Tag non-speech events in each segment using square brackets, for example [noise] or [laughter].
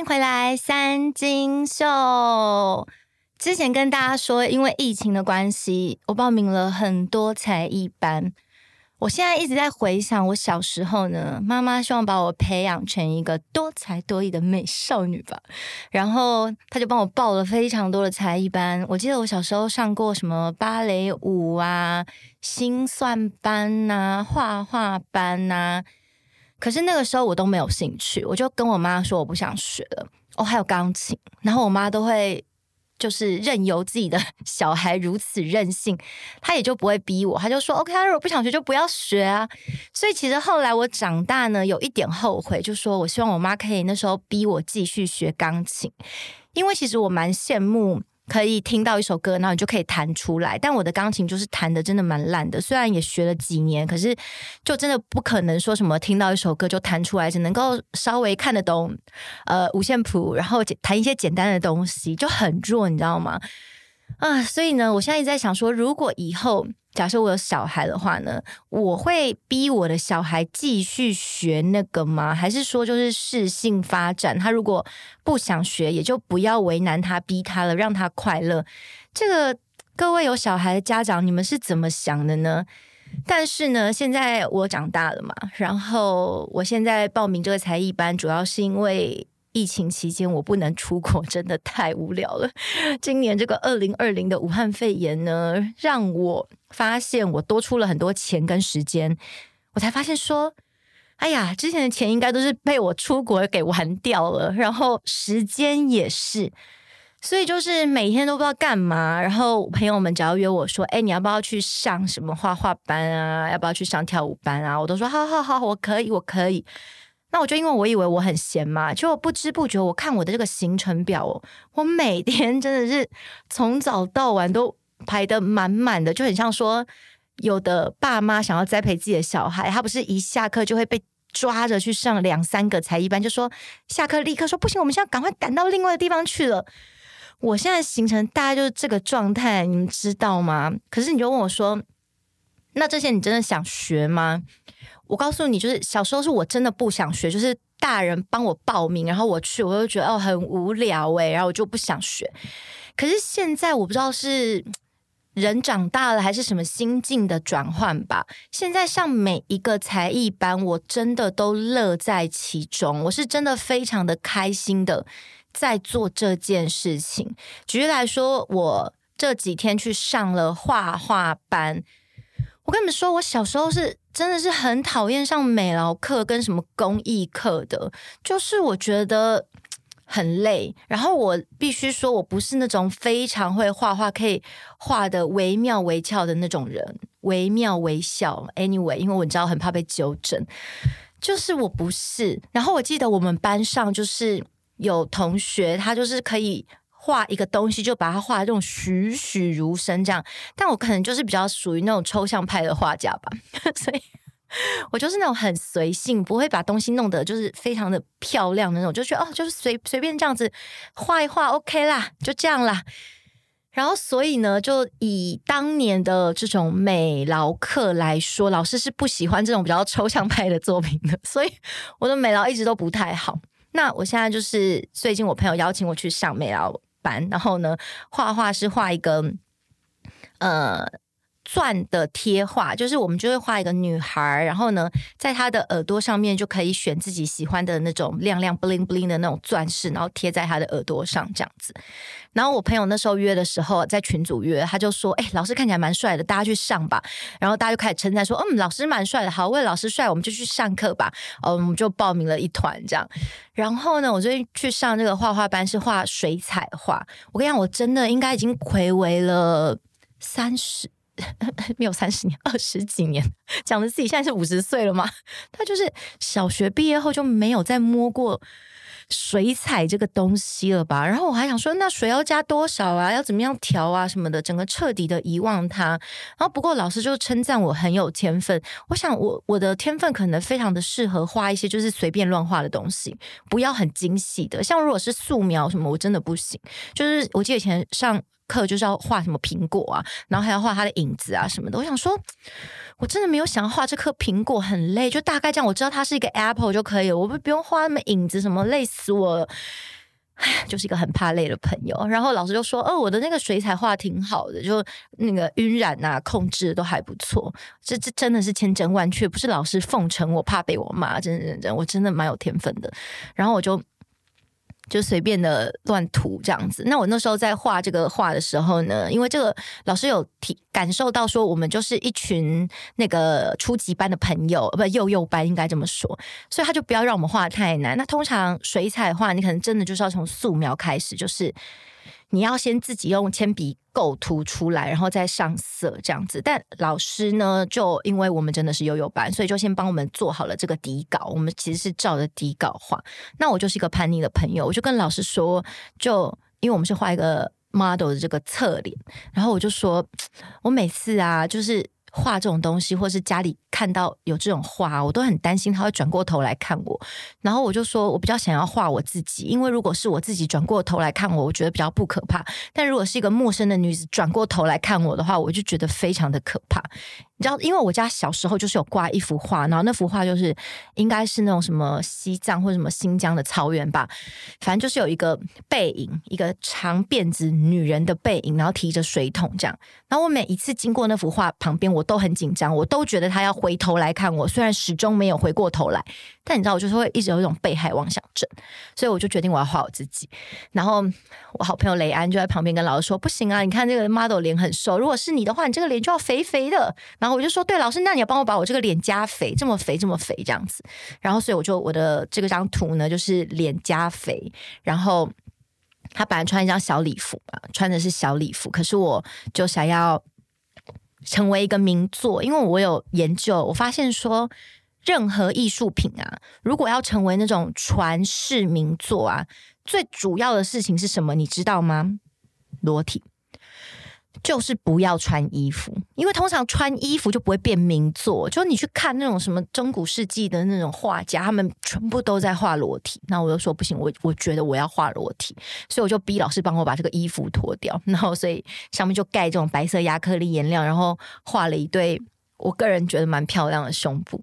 歡迎回來，三金秀。之前跟大家說，因為疫情的關係，我報名了很多才藝班。我現在一直在回想，我小時候呢，媽媽希望把我培養成一個多才多藝的美少女吧，然後她就幫我報了非常多的才藝班。我記得我小時候上過什麼芭蕾舞啊、心算班啊、畫畫班啊。可是那個時候我都沒有興趣，我就跟我媽說我不想學了。我、oh, 還有鋼琴，然後我媽都會就是任由自己的小孩如此任性，她也就不會逼我。她就說：“OK，她如果不想學就不要學啊。”所以其實後來我長大呢，有一點後悔，就說我希望我媽可以那時候逼我繼續學鋼琴，因為其實我蠻羨慕。可以聽到一首歌，然後你就可以彈出來。但我的鋼琴就是彈得真的蠻爛的，雖然也學了幾年，可是就真的不可能說什麼聽到一首歌就彈出來，只能夠稍微看得懂呃五線譜，然後彈一些簡單的東西，就很弱，你知道嗎？啊，所以呢，我現在一直在想說，如果以後假設我有小孩的話呢，我會逼我的小孩繼續學那個嗎？還是說就是適性發展？他如果不想學，也就不要為難他，逼他了，讓他快樂。這個各位有小孩的家長，你們是怎麼想的呢？但是呢，現在我長大了嘛，然後我現在報名這個才藝班，主要是因為。疫情期間我不能出國，真的太無聊了。今年這個二零二零的武漢肺炎呢，讓我發現我多出了很多錢跟時間。我才發現說，哎呀，之前的錢應該都是被我出國給玩掉了，然後時間也是。所以就是每天都不知道幹嘛。然後我朋友們只要約我說，哎、欸，你要不要去上什麼畫畫班啊？要不要去上跳舞班啊？我都說，好好好，我可以，我可以。那我就因為我以為我很閒嘛，就不知不覺，我看我的這個行程表，我每天真的是從早到晚都排得滿滿的，就很像說有的爸媽想要栽培自己的小孩，他不是一下課就會被抓着去上兩三個才藝班，就說下課立刻說不行，我們現在趕快趕到另外的地方去了。我現在行程大概就是這個狀態，你們知道嗎？可是你就問我說，那這些你真的想學嗎？我告訴你，就是小時候是我真的不想學，就是大人幫我報名，然後我去，我就覺得哦很無聊哎、欸，然後我就不想學。可是現在我不知道是人長大了還是什麼心境的轉換吧。現在上每一個才藝班，我真的都樂在其中，我是真的非常的開心的在做這件事情。舉例來說，我這幾天去上了畫畫班。我跟你們說，我小時候是真的是很討厭上美勞課跟什麼工藝課的，就是我覺得很累。然後我必須說，我不是那種非常會畫畫、可以畫得惟妙惟肖的那種人，惟妙惟肖。Anyway，因為我知道很怕被糾正，就是我不是。然後我記得我們班上就是有同學，他就是可以。畫一個東西，就把它畫的這種栩栩如生這樣，但我可能就是比較屬於那種抽象派的畫家吧，所以我就是那種很隨性，不會把東西弄得就是非常的漂亮的那種，就覺得哦，就是隨隨便這樣子畫一畫，OK 啦，就這樣啦。然後所以呢，就以當年的這種美勞課來說，老師是不喜歡這種比較抽象派的作品的，所以我的美勞一直都不太好。那我現在就是最近我朋友邀請我去上美勞。班，然後呢，畫畫是畫一個，呃。鑽的貼畫，就是我們就會畫一個女孩，然後呢，在她的耳朵上面就可以選自己喜歡的那種亮亮布靈布靈的那種鑽石，然後貼在她的耳朵上這樣子。然後我朋友那時候約的時候，在群組約，他就說：“哎、欸，老師看起來蠻帥的，大家去上吧。”然後大家就開始稱讚說：“嗯，老師蠻帥的，好，為了老師帥，我們就去上課吧。”嗯，我們就報名了一團這樣。然後呢，我最近去上這個畫畫班是畫水彩畫，我跟你講，我真的應該已經睽違了三十。 [laughs] 沒有三十年，二十幾年，講的自己現在是五十歲了嗎？他就是小學畢業後就沒有再摸過水彩這個東西了吧。然後我還想說，那水要加多少啊？要怎麼樣調啊？什麼的，整個徹底的遺忘它。然後不過老師就稱讚我很有天分。我想我我的天分可能非常的適合畫一些就是隨便亂畫的東西，不要很精細的。像如果是素描什麼，我真的不行。就是我記得以前上。課就是要畫什麼蘋果啊，然後還要畫他的影子啊什麼的。我想說，我真的沒有想要畫這顆蘋果，很累，就大概這樣，我知道它是一個 apple 就可以了，我不不用畫那麼影子什麼，累死我了。唉，就是一個很怕累的朋友。然後老師就說，哦、呃，我的那個水彩畫挺好的，就那個暈染啊，控制都還不錯。這這真的是千真萬確，不是老師奉承我，怕被我罵。真真真，我真的蠻有天分的。然後我就。就隨便的亂塗這樣子。那我那時候在畫這個畫的時候呢，因為這個老師有提感受到說，我們就是一群那個初級班的朋友，不幼幼班應該這麼說，所以他就不要讓我們畫太難。那通常水彩畫，你可能真的就是要從素描開始，就是。你要先自己用鉛筆構圖出來，然後再上色這樣子。但老師呢，就因為我們真的是幼幼班，所以就先幫我們做好了這個底稿。我們其實是照着底稿畫。那我就是一個叛逆的朋友，我就跟老師說，就因為我們是畫一個 model 的這個側臉，然後我就說，我每次啊，就是。畫這種東西，或是家裡看到有這種畫，我都很擔心他會轉過頭來看我。然後我就說，我比較想要畫我自己，因為如果是我自己轉過頭來看我，我覺得比較不可怕。但如果是一個陌生的女子轉過頭來看我的話，我就覺得非常的可怕。你知道，因為我家小時候就是有掛一幅畫，然後那幅畫就是應該是那種什麼西藏或者什麼新疆的草原吧，反正就是有一個背影，一個長辮子女人的背影，然後提着水桶這樣。然後我每一次經過那幅畫旁邊，我都很緊張，我都覺得她要回頭來看我，雖然始終沒有回過頭來。但你知道，我就是會一直有一種被害妄想症，所以我就決定我要畫我自己。然後我好朋友雷安就在旁邊跟老師說：“不行啊，你看這個 model 臉很瘦，如果是你的話，你這個臉就要肥肥的。”然後我就說對老師，那你要幫我把我這個臉加肥，這麼肥，這麼肥這樣子。然後，所以我就我的這個張圖呢，就是臉加肥。然後他本來穿一張小禮服嘛，穿的是小禮服。可是我就想要成為一個名作，因為我有研究，我發現說任何藝術品啊，如果要成為那種傳世名作啊，最主要的事情是什麼？你知道嗎？裸體。就是不要穿衣服，因為通常穿衣服就不會變名作。就你去看那種什麼中古世紀的那種畫家，他們全部都在畫裸體。那我就說不行，我我覺得我要畫裸體，所以我就逼老師幫我把這個衣服脫掉，然後所以上面就蓋這種白色亞克力顏料，然後畫了一對我個人覺得蠻漂亮的胸部。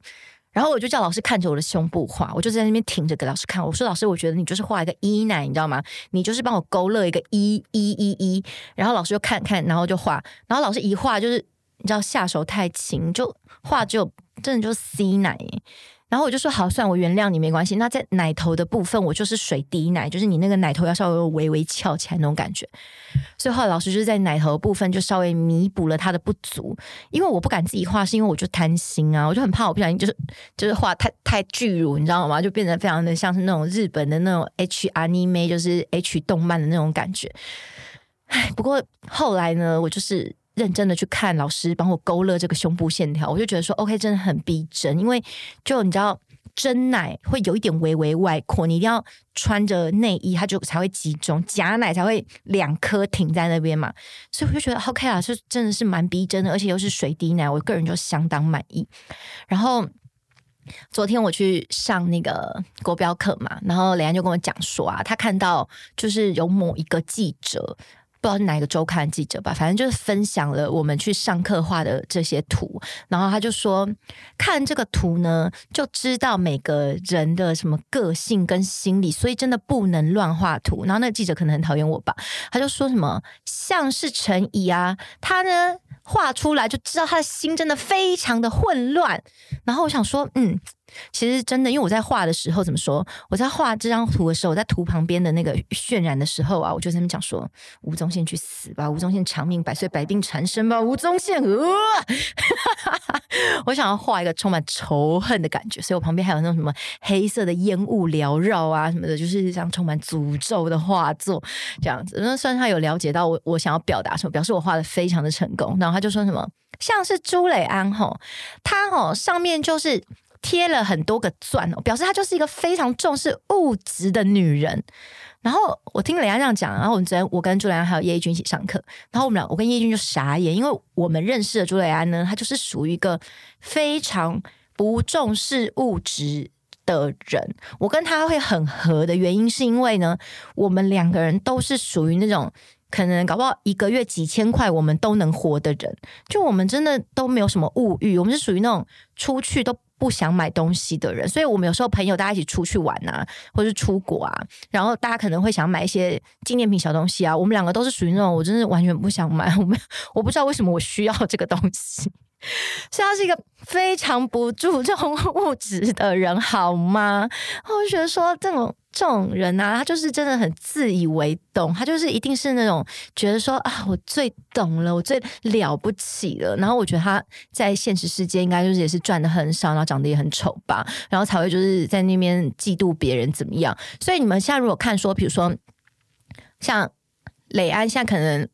然後我就叫老師看着我的胸部畫，我就在那邊挺着給老師看。我說老師，我覺得你就是畫一個 E 奶，你知道嗎？你就是幫我勾勒一個 E、E、E、E。然後老師就看看，然後就畫。然後老師一畫就是，你知道下手太輕，就畫就真的就是 C 奶。然後我就說好，算我原諒你，沒關係。那在奶頭的部分，我就是水滴奶，就是你那個奶頭要稍微微微翹起來那種感覺。所以後來老師就是在奶頭部分就稍微彌補了它的不足，因為我不敢自己畫，是因為我就貪心啊，我就很怕我不小心就是就是畫太太巨乳，你知道嗎？就變得非常的像是那種日本的那種 H anime，就是 H 動漫的那種感覺。哎，不過後來呢，我就是。認真的去看老師幫我勾勒這個胸部線條，我就覺得說 OK，真的很逼真。因為就你知道，真奶會有一點微微外擴，你一定要穿着內衣，它就才會集中；假奶才會兩顆停在那邊嘛。所以我就覺得 OK，啊，是真的是蠻逼真的，而且又是水滴奶，我個人就相當滿意。然後昨天我去上那個國標課嘛，然後雷安就跟我講說啊，他看到就是有某一個記者。不知道是哪個週刊記者吧，反正就是分享了我們去上課畫的這些圖，然後他就說看這個圖呢，就知道每個人的什麼個性跟心理，所以真的不能亂畫圖。然後那個記者可能很討厭我吧，他就說什麼像是陳沂啊，他呢畫出來就知道他的心真的非常的混亂。然後我想說，嗯。其實真的，因為我在畫的時候，怎麼說？我在畫這張圖的時候，我在圖旁邊的那個渲染的時候啊，我就在那邊講說：“吳宗憲去死吧，吳宗憲長命百歲，百病纏身吧，吳宗憲。呃” [laughs] 我想要畫一個充滿仇恨的感覺，所以我旁邊還有那種什麼黑色的煙霧繚繞啊什麼的，就是一張充滿詛咒的畫作這樣子。那雖然他有了解到我，我想要表達什麼，表示我畫得非常的成功，然後他就說什麼像是朱磊安吼，他吼上面就是。貼了很多個鑽哦，表示她就是一個非常重視物質的女人。然後我聽雷安這樣講，然後我們之前我跟朱雷安還有葉一君一起上課，然後我們倆我跟葉一君就傻眼，因為我們認識的朱雷安呢，她就是屬於一個非常不重視物質的人。我跟他會很合的原因，是因為呢，我們兩個人都是屬於那種可能搞不好一個月幾千塊我們都能活的人，就我們真的都沒有什麼物欲，我們是屬於那種出去都。不想買東西的人，所以我們有時候朋友大家一起出去玩啊，或者是出國啊，然後大家可能會想買一些紀念品小東西啊。我們兩個都是屬於那種，我真的完全不想買，我們我不知道為什麼我需要這個東西。所以他是一個非常不注重物質的人，好嗎？我就覺得說，這種這種人啊，他就是真的很自以為懂，他就是一定是那種覺得說啊，我最懂了，我最了不起了。然後我覺得他在現實世界應該就是也是賺的很少，然後長得也很醜吧，然後才會就是在那邊嫉妒別人怎麼樣。所以你們現在如果看說，比如說像雷安現在可能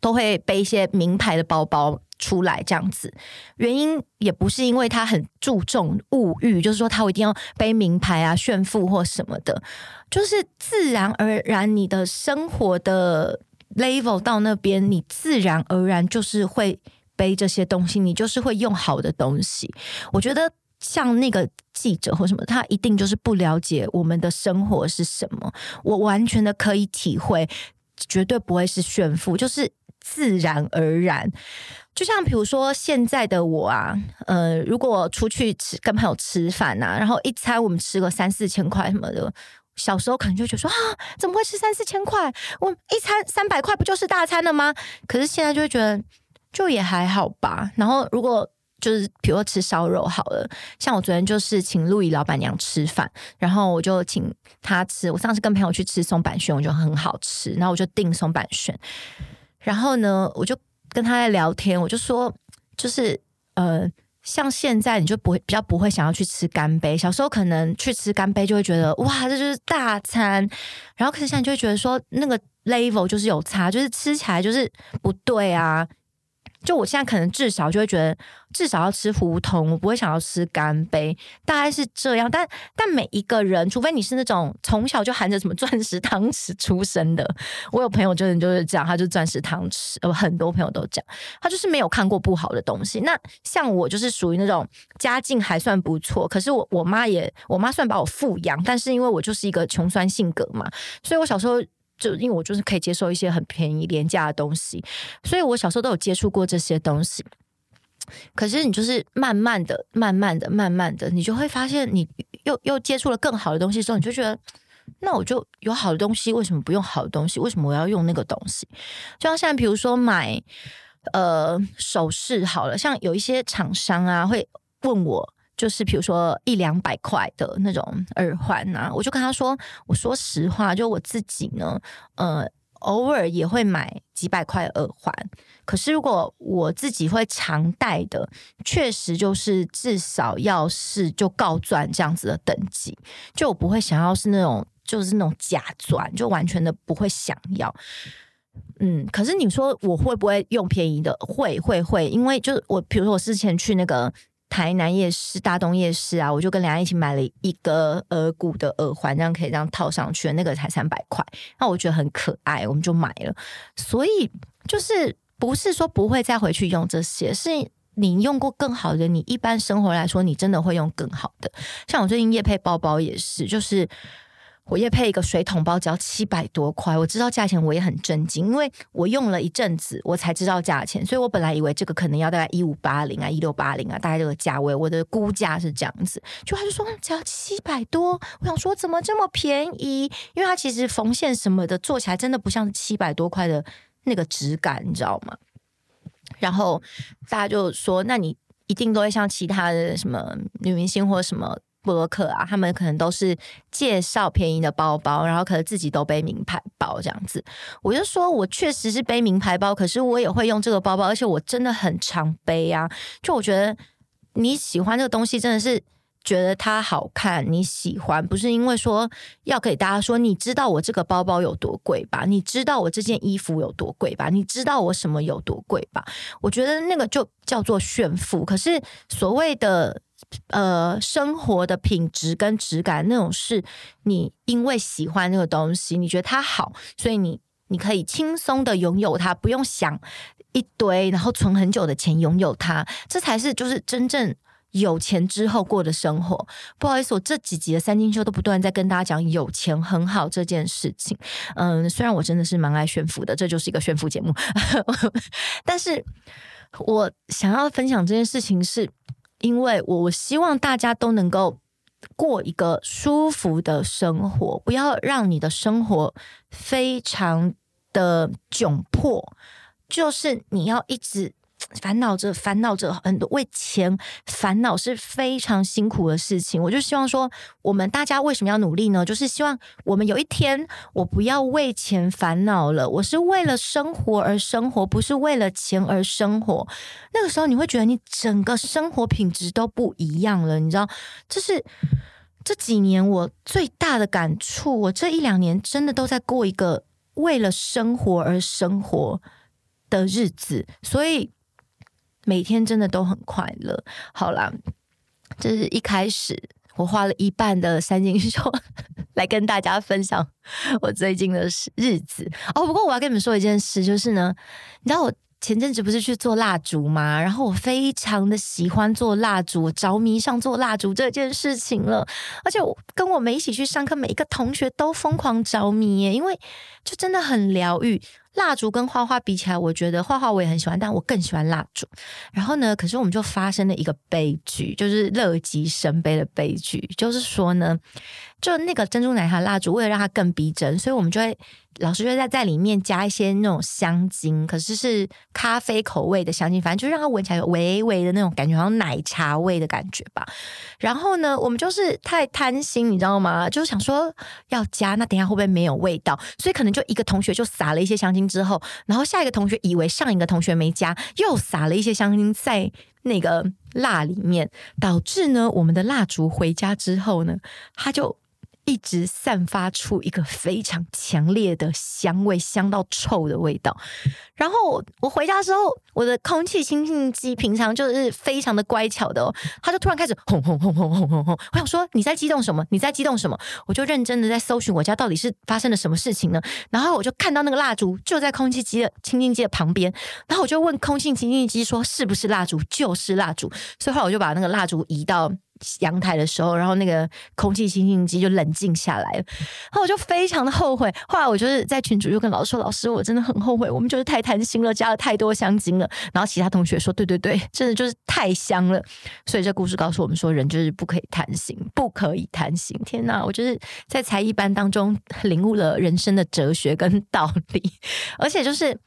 都會背一些名牌的包包，出來這樣子，原因也不是因為他很注重物欲，就是說他一定要背名牌啊、炫富或什麼的，就是自然而然你的生活的 level 到那邊，你自然而然就是會背這些東西，你就是會用好的東西。我覺得像那個記者或什麼，他一定就是不了解我們的生活是什麼。我完全的可以體會，絕對不會是炫富，就是自然而然。就像比如說現在的我啊，呃，如果出去吃跟朋友吃飯吶、啊，然後一餐我們吃個三四千塊什麼的，小時候可能就覺得說啊，怎麼會吃三四千塊？我一餐三百塊不就是大餐了嗎？可是現在就會覺得就也還好吧。然後如果就是比如說吃燒肉好了，像我昨天就是請路易老闆娘吃飯，然後我就請他吃。我上次跟朋友去吃松板軒，我就很好吃，然後我就訂松板軒，然後呢，我就。跟他在聊天，我就說，就是呃，像現在你就不會比較不會想要去吃乾杯，小時候可能去吃乾杯就會覺得哇，這就是大餐，然後可是現在就會覺得說那個 level 就是有差，就是吃起來就是不對啊。就我現在可能至少就會覺得，至少要吃胡同，我不會想要吃乾杯，大概是這樣。但但每一個人，除非你是那種從小就含着什麼鑽石湯匙出生的，我有朋友就是就是講，他就鑽石湯匙。我很多朋友都講，他就是沒有看過不好的東西。那像我就是屬於那種家境還算不錯，可是我我媽也，我媽算把我富養，但是因為我就是一個窮酸性格嘛，所以我小時候。就因為我就是可以接受一些很便宜廉價的東西，所以我小時候都有接觸過這些東西。可是你就是慢慢的、慢慢的、慢慢的，你就會發現，你又又接觸了更好的東西之後，你就覺得，那我就有好的東西，為什麼不用好的東西？為什麼我要用那個東西？就像現在，比如說買，呃，首飾好了，像有一些廠商啊會問我。就是比如說一兩百塊的那種耳環吶、啊，我就跟他說，我說實話，就我自己呢，呃，偶爾也會買幾百塊耳環，可是如果我自己會常戴的，確實就是至少要是就鋯鑽這樣子的等級，就我不會想要是那種就是那種假鑽，就完全的不會想要。嗯，可是你說我會不會用便宜的？會會會，因為就是我，比如說我之前去那個。台南夜市、大東夜市啊，我就跟梁安一起買了一個耳骨的耳環，這樣可以這樣套上去，那個才三百塊，那我覺得很可愛，我們就買了。所以就是不是說不會再回去用這些，是你用過更好的，你一般生活來說，你真的會用更好的。像我最近業配包包也是，就是。我也配一個水桶包，只要七百多塊。我知道價錢，我也很震驚，因為我用了一陣子，我才知道價錢。所以我本來以為這個可能要大概一五八零啊，一六八零啊，大概這個價位。我的估價是這樣子，就他就說只要七百多。我想說怎麼這麼便宜？因為它其實縫線什麼的做起來真的不像是七百多塊的那個質感，你知道嗎？然後大家就說，那你一定都會像其他的什麼女明星或者什麼。部落客啊，他們可能都是介紹便宜的包包，然後可能自己都背名牌包這樣子。我就說，我確實是背名牌包，可是我也會用這個包包，而且我真的很常背啊。就我覺得你喜歡這個東西，真的是覺得它好看，你喜歡不是因為說要給大家說，你知道我這個包包有多貴吧？你知道我這件衣服有多貴吧？你知道我什麼有多貴吧？我覺得那個就叫做炫富，可是所謂的。呃，生活的品質跟質感那種是，你因為喜歡那個東西，你覺得它好，所以你你可以輕鬆的擁有它，不用想一堆，然後存很久的錢擁有它，這才是就是真正有錢之後過的生活。不好意思，我這幾集的三金秀都不斷在跟大家講有錢很好這件事情。嗯，雖然我真的是蠻愛炫富的，這就是一個炫富節目， [laughs] 但是我想要分享這件事情是。因為我我希望大家都能夠過一個舒服的生活，不要讓你的生活非常的窘迫，就是你要一直。煩惱着，煩惱着，很多為錢煩惱是非常辛苦的事情。我就希望說，我們大家為什麼要努力呢？就是希望我們有一天，我不要為錢煩惱了，我是為了生活而生活，不是為了錢而生活。那個時候，你會覺得你整個生活品質都不一樣了，你知道？這、就是這幾年我最大的感觸。我這一兩年真的都在過一個為了生活而生活的日子，所以。每天真的都很快樂。好啦，這是一開始，我花了一半的三金說，來跟大家分享我最近的日子哦。不過我要跟你們說一件事，就是呢，你知道我前陣子不是去做蠟燭嗎？然後我非常的喜歡做蠟燭，我着迷上做蠟燭這件事情了。而且我跟我們一起去上課，每一個同學都瘋狂着迷耶，因為就真的很療癒。蠟燭跟畫畫比起來，我覺得畫畫我也很喜歡，但我更喜歡蠟燭。然後呢，可是我們就發生了一個悲劇，就是樂極生悲的悲劇。就是說呢，就那個珍珠奶茶蠟燭，為了讓它更逼真，所以我們就會。老師就在在裡面加一些那種香精，可是是咖啡口味的香精，反正就是讓它聞起來有微微的那種感覺，好像奶茶味的感覺吧。然後呢，我們就是太貪心，你知道嗎？就是想說要加，那等下會不會沒有味道？所以可能就一個同學就撒了一些香精之後，然後下一個同學以為上一個同學沒加，又撒了一些香精在那個蠟裡面，導致呢我們的蠟燭回家之後呢，它就。一直散發出一個非常強烈的香味，香到臭的味道。然後我回家之後，我的空氣清新機平常就是非常的乖巧的，哦，它就突然開始轟轟轟轟轟轟轟。我想說你在激動什麼？你在激動什麼？我就認真的在搜尋我家到底是發生了什麼事情呢？然後我就看到那個蠟燭就在空氣機的清新機的旁邊，然後我就問空氣清新機說：“是不是蠟燭？就是蠟燭。”所以後來我就把那個蠟燭移到。陽臺的時候，然後那個空氣清新機就冷靜下來了。然後我就非常的後悔。後來我就是在群主就跟老師說：“老師，我真的很後悔，我們就是太貪心了，加了太多香精了。”然後其他同學說：“對對對，真的就是太香了。”所以這故事告訴我們說：人就是不可以貪心，不可以貪心。天吶，我就是在才藝班當中領悟了人生的哲學跟道理，而且就是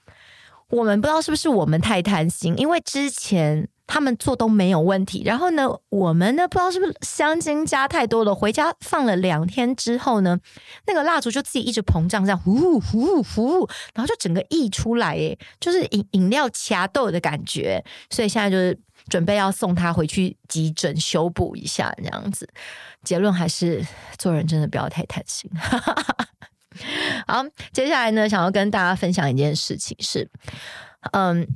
我們不知道是不是我們太貪心，因為之前。他們做都沒有問題，然後呢，我們呢，不知道是不是香精加太多了，回家放了兩天之後呢，那個蠟燭就自己一直膨脹，這樣呼呼呼呼呼，然後就整個溢出來，哎，就是飲飲料掐豆的感覺，所以現在就是準備要送他回去急診修補一下，這樣子，結論還是做人真的不要太貪心。 [laughs] 好，接下來呢，想要跟大家分享一件事情是，嗯。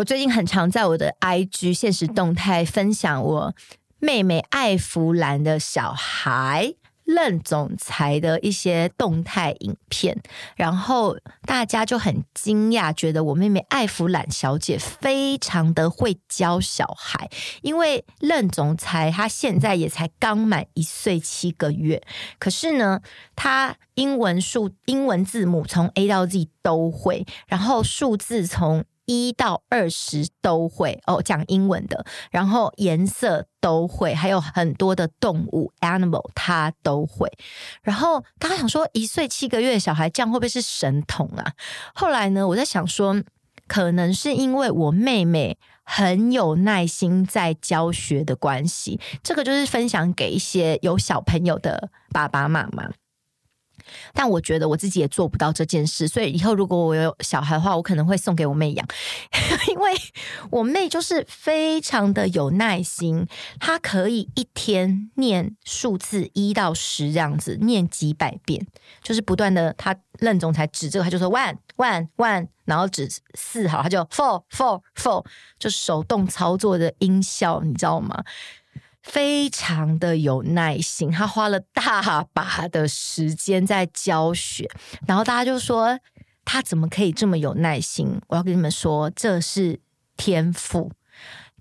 我最近很常在我的 IG 限時動態分享我妹妹艾弗蘭的小孩任總裁的一些動態影片，然後大家就很驚訝，覺得我妹妹艾弗蘭小姐非常的會教小孩，因為任總裁他現在也才剛滿一歲七個月，可是呢，他英文數、英文字母從 A 到 Z 都會，然後數字從一到二十都會哦，講英文的，然後顏色都會，還有很多的動物 animal 他都會。然後剛剛想說，一歲七個月小孩這樣會不會是神童啊？後來呢，我在想說，可能是因為我妹妹很有耐心在教學的關係，這個就是分享給一些有小朋友的爸爸媽媽。但我覺得我自己也做不到這件事，所以以後如果我有小孩的話，我可能會送給我妹養， [laughs] 因為我妹就是非常的有耐心，她可以一天念數字一到十這樣子，念幾百遍，就是不斷的，她任總裁指這個，她就說 one、one、one，然後指四號，她就 four four four，就手動操作的音效，你知道嗎？非常的有耐心，他花了大把的時間在教學，然後大家就說他怎麼可以這麼有耐心？我要跟你們說，這是天賦，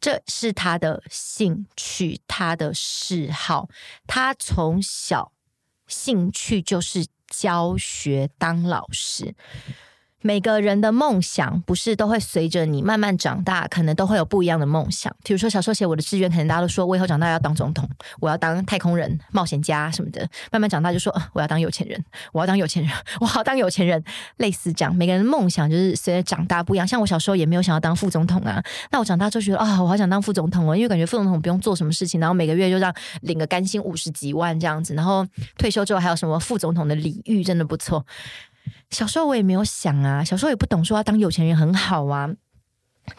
這是他的興趣，他的嗜好，他從小興趣就是教學，當老師。每個人的夢想不是都會隨着你慢慢長大，可能都會有不一樣的夢想。比如說小時候寫我的志願，可能大家都說我以後長大要當總統，我要當太空人、冒險家什麼的。慢慢長大就說我要當有錢人，我要當有錢人，我好當，當有錢人。類似這樣，每個人的夢想就是隨着長大不一樣。像我小時候也沒有想要當副總統啊，那我長大就覺得啊、哦，我好想當副總統哦，因為感覺副總統不用做什麼事情，然後每個月就讓領個乾薪五十幾萬這樣子，然後退休之後還有什麼副總統的禮遇，真的不錯。小時候我也沒有想啊，小時候也不懂說要當有錢人很好啊。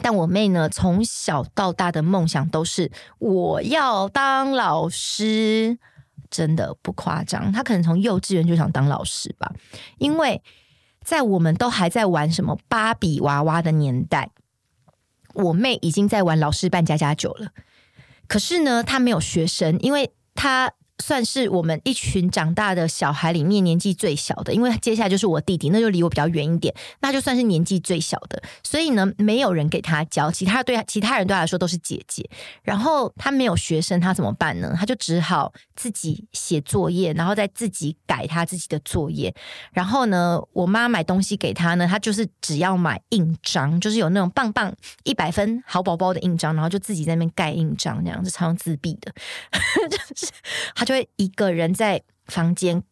但我妹呢，從小到大的夢想都是我要當老師，真的不誇張。她可能從幼稚園就想當老師吧，因為在我們都還在玩什麼芭比娃娃的年代，我妹已經在玩老師扮家家酒了。可是呢，她沒有學生，因為她算是我們一群長大的小孩裡面年紀最小的，因為接下來就是我弟弟，那就離我比較遠一點，那就算是年紀最小的。所以呢，沒有人給他教，其他對他，其他人對他來說都是姐姐。然後他沒有學生，他怎麼辦呢？他就只好自己寫作業，然後再自己改他自己的作業。然後呢，我媽買東西給他呢，他就是只要買印章，就是有那種棒棒一百分好寶寶的印章，然後就自己在那邊蓋印章，這樣子超自閉的， [laughs] 就是就一個人在房間，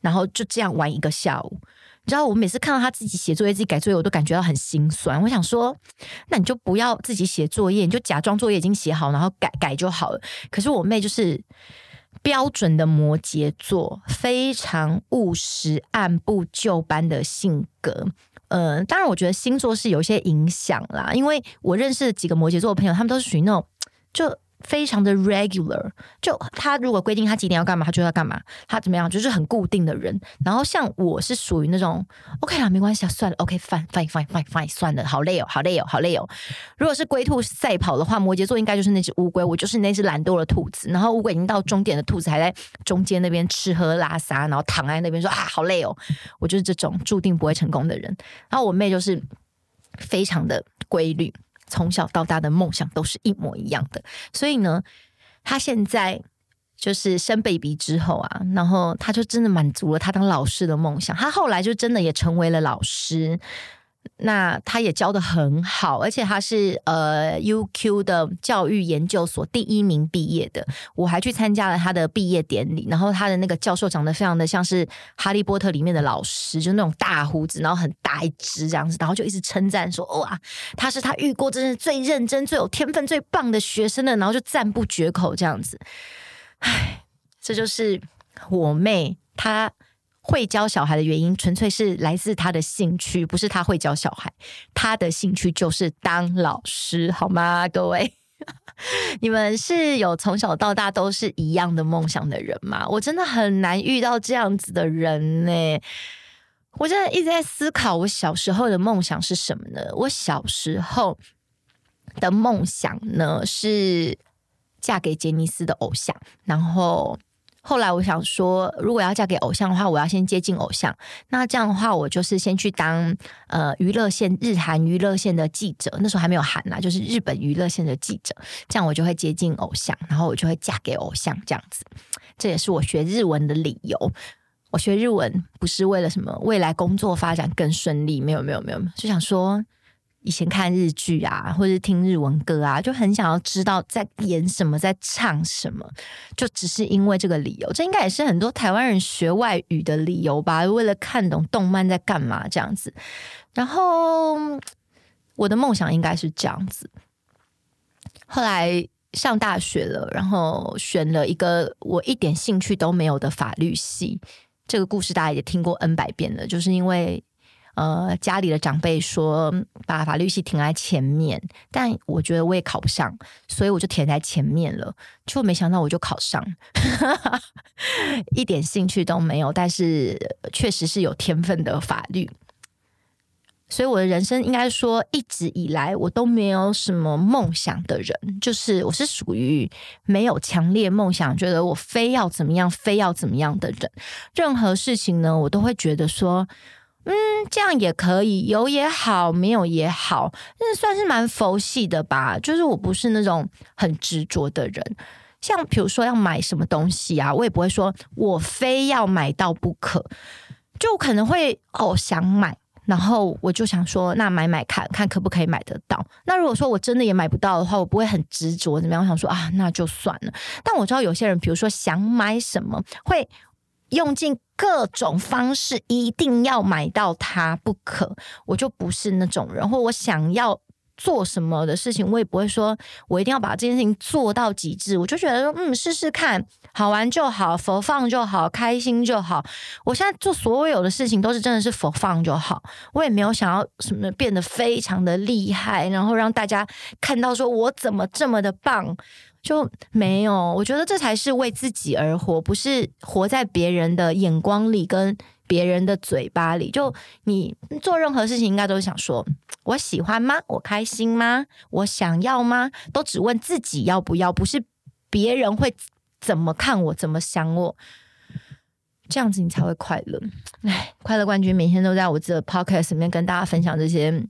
然後就這樣玩一個下午。你知道我每次看到他自己寫作業、自己改作業，我都感覺到很心酸。我想說，那你就不要自己寫作業，你就假裝作業已經寫好，然後改改就好了。可是我妹就是標準的摩羯座，非常務實、按部就班的性格。呃，當然，我覺得星座是有一些影響啦，因為我認識了幾個摩羯座的朋友，他們都是屬於那種就。非常的 regular，就他如果規定他幾點要幹嘛，他就要幹嘛，他怎麼樣，就是很固定的人。然後像我是屬於那種 OK 了，沒關係啊，算了，OK，fine，fine，fine，fine，fine，OK, fine, fine, fine, 算了，好累哦，好累哦，好累哦。如果是龜兔賽跑的話，摩羯座應該就是那只烏龜，我就是那只懶惰的兔子。然後烏龜已經到終點的兔子還在中間那邊吃喝拉撒，然後躺在那邊說啊，好累哦，我就是這種注定不會成功的人。然後我妹就是非常的規律。從小到大的夢想都是一模一樣的，所以呢，他現在就是生 baby 之後啊，然後他就真的滿足了他當老師的夢想，他後來就真的也成為了老師。那他也教得很好，而且他是呃 UQ 的教育研究所第一名畢業的，我還去參加了他的畢業典禮，然後他的那個教授長得非常的像是哈利波特裡面的老師，就那種大鬍子，然後很大一隻這樣子，然後就一直稱讚說哇，他是他遇過真是最認真、最有天分、最棒的學生了，然後就讚不絕口這樣子。唉，這就是我妹她。會教小孩的原因純粹是來自他的興趣，不是他會教小孩，他的興趣就是當老師，好嗎？各位， [laughs] 你們是有從小到大都是一樣的夢想的人嗎？我真的很難遇到這樣子的人呢。我真的一直在思考，我小時候的夢想是什麼呢？我小時候的夢想呢，是嫁給傑尼斯的偶像，然後。後來我想說，如果要嫁給偶像的話，我要先接近偶像。那這樣的話，我就是先去當呃娛樂線、日韓娛樂線的記者。那時候還沒有韓呢、啊，就是日本娛樂線的記者。這樣我就會接近偶像，然後我就會嫁給偶像這樣子。這也是我學日文的理由。我學日文不是為了什麼未來工作發展更順利，沒有沒有沒有，就想說。以前看日劇啊，或是聽日文歌啊，就很想要知道在演什麼，在唱什麼，就只是因為這個理由。這應該也是很多台灣人學外語的理由吧？為了看懂動漫在幹嘛這樣子。然後我的夢想應該是這樣子。後來上大學了，然後選了一個我一點興趣都沒有的法律系。這個故事大家也聽過 N 百遍了，就是因為。呃，家裡的長輩說把法律系填在前面，但我覺得我也考不上，所以我就填在前面了。就沒想到我就考上， [laughs] 一點興趣都沒有，但是確實是有天分的法律。所以我的人生應該說一直以來我都沒有什麼夢想的人，就是我是屬於沒有強烈夢想，覺得我非要怎麼樣，非要怎麼樣的人。任何事情呢，我都會覺得說。嗯，這樣也可以，有也好，沒有也好，那算是蠻佛系的吧。就是我不是那種很執着的人，像比如說要買什麼東西啊，我也不會說我非要買到不可，就可能會哦想買，然後我就想說，那買買看看可不可以買得到。那如果說我真的也買不到的話，我不會很執着怎麼樣，我想說啊，那就算了。但我知道有些人，比如說想買什麼會，用盡各種方式，一定要買到它不可，我就不是那種人，或我想要，做什麼的事情，我也不會說，我一定要把這件事情做到極致。我就覺得說，嗯，試試看，好玩就好，for fun 就好，開心就好。我現在做所有的事情都是真的是 for fun 就好，我也沒有想要什麼變得非常的厲害，然後讓大家看到說我怎麼這麼的棒，就沒有。我覺得這才是為自己而活，不是活在別人的眼光裡跟。別人的嘴巴裡，就你做任何事情，應該都是想說：我喜歡嗎？我開心嗎？我想要嗎？都只問自己要不要，不是別人會怎麼看我，怎麼想我，這樣子你才會快樂。哎，快樂冠軍每天都在我這個 podcast 裡面跟大家分享這些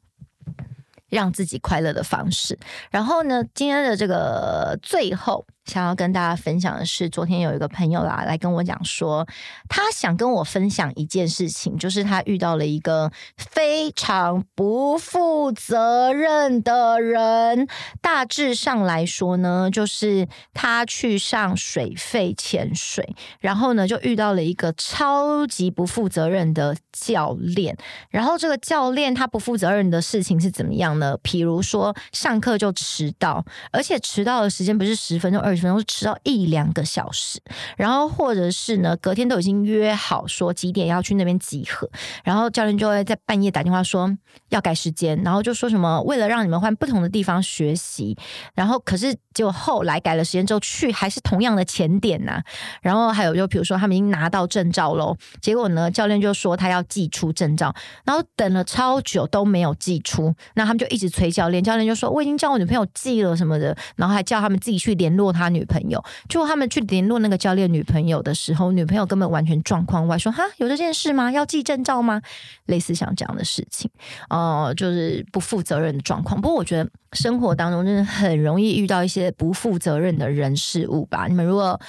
讓自己快樂的方式。然後呢，今天的這個最後。想要跟大家分享的是，昨天有一個朋友啦，來跟我講說，他想跟我分享一件事情，就是他遇到了一個非常不負責任的人。大致上來說呢，就是他去上水肺潛水，然後呢就遇到了一個超級不負責任的教練。然後這個教練他不負責任的事情是怎麼樣呢？比如說上課就遲到，而且遲到的時間不是十分鐘而。有時候遲到一兩個小時，然後或者是呢，隔天都已經約好說幾點要去那邊集合，然後教練就會在半夜打電話說要改時間，然後就說什麼為了讓你們換不同的地方學習，然後可是結果後來改了時間之後去還是同樣的前點吶、啊，然後還有就比如說他們已經拿到證照嘍，結果呢教練就說他要寄出證照，然後等了超久都沒有寄出，那他們就一直催教練，教練就說我已經叫我女朋友寄了什麼的，然後還叫他們自己去聯絡他。他女朋友，就他們去聯絡那個教練女朋友的時候，女朋友根本完全狀況外說，說哈有這件事嗎？要寄證照嗎？類似像這樣的事情，哦、呃，就是不負責任的狀況。不過我覺得生活當中真的很容易遇到一些不負責任的人事物吧。你們如果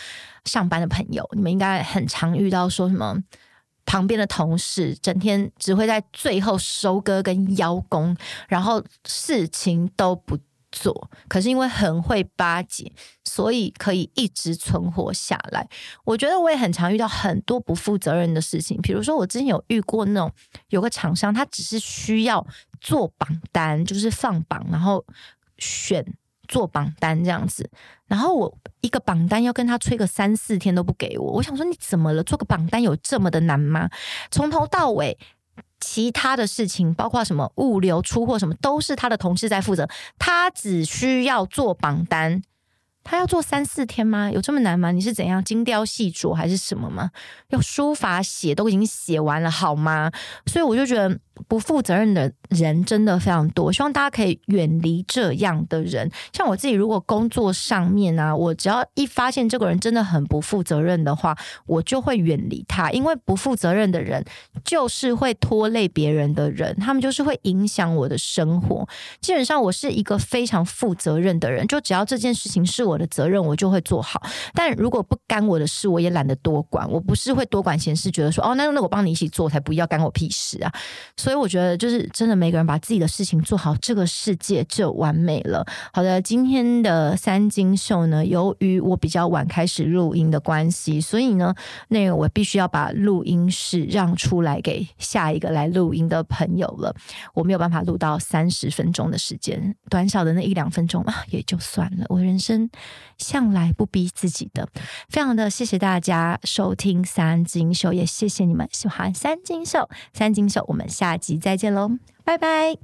上班的朋友，你們應該很常遇到說什麼旁邊的同事整天只會在最後收割跟邀功，然後事情都不。做，可是因為很會巴結，所以可以一直存活下來。我覺得我也很常遇到很多不負責任的事情，比如說我之前有遇過那種有個廠商，他只是需要做榜單，就是放榜，然後選做榜單這樣子。然後我一個榜單要跟他催個三四天，都不給我，我想說你怎麼了？做個榜單有這麼的難嗎？從頭到尾。其他的事情，包括什麼物流出貨什麼，都是他的同事在負責，他只需要做榜單，他要做三四天嗎？有這麼難嗎？你是怎樣精雕細琢還是什麼嗎？要書法寫都已經寫完了好嗎？所以我就覺得。不負責任的人真的非常多，希望大家可以遠離這樣的人。像我自己，如果工作上面啊，我只要一發現這個人真的很不負責任的話，我就會遠離他。因為不負責任的人就是會拖累別人的人，他們就是會影響我的生活。基本上，我是一個非常負責任的人，就只要這件事情是我的責任，我就會做好。但如果不干我的事，我也懶得多管。我不是會多管閒事，覺得說哦，那那我幫你一起做，才不要幹我屁事啊。所以我覺得，就是真的，每個人把自己的事情做好，這個世界就完美了。好的，今天的三金秀呢，由於我比較晚開始錄音的關係，所以呢，那個我必須要把錄音室讓出來給下一個來錄音的朋友了。我沒有辦法錄到三十分鐘的時間，短小的那一兩分鐘啊，也就算了。我人生向來不逼自己的。非常的謝謝大家收聽三金秀，也謝謝你們喜歡三金秀。三金秀，我們下。下集再見嘍，拜拜。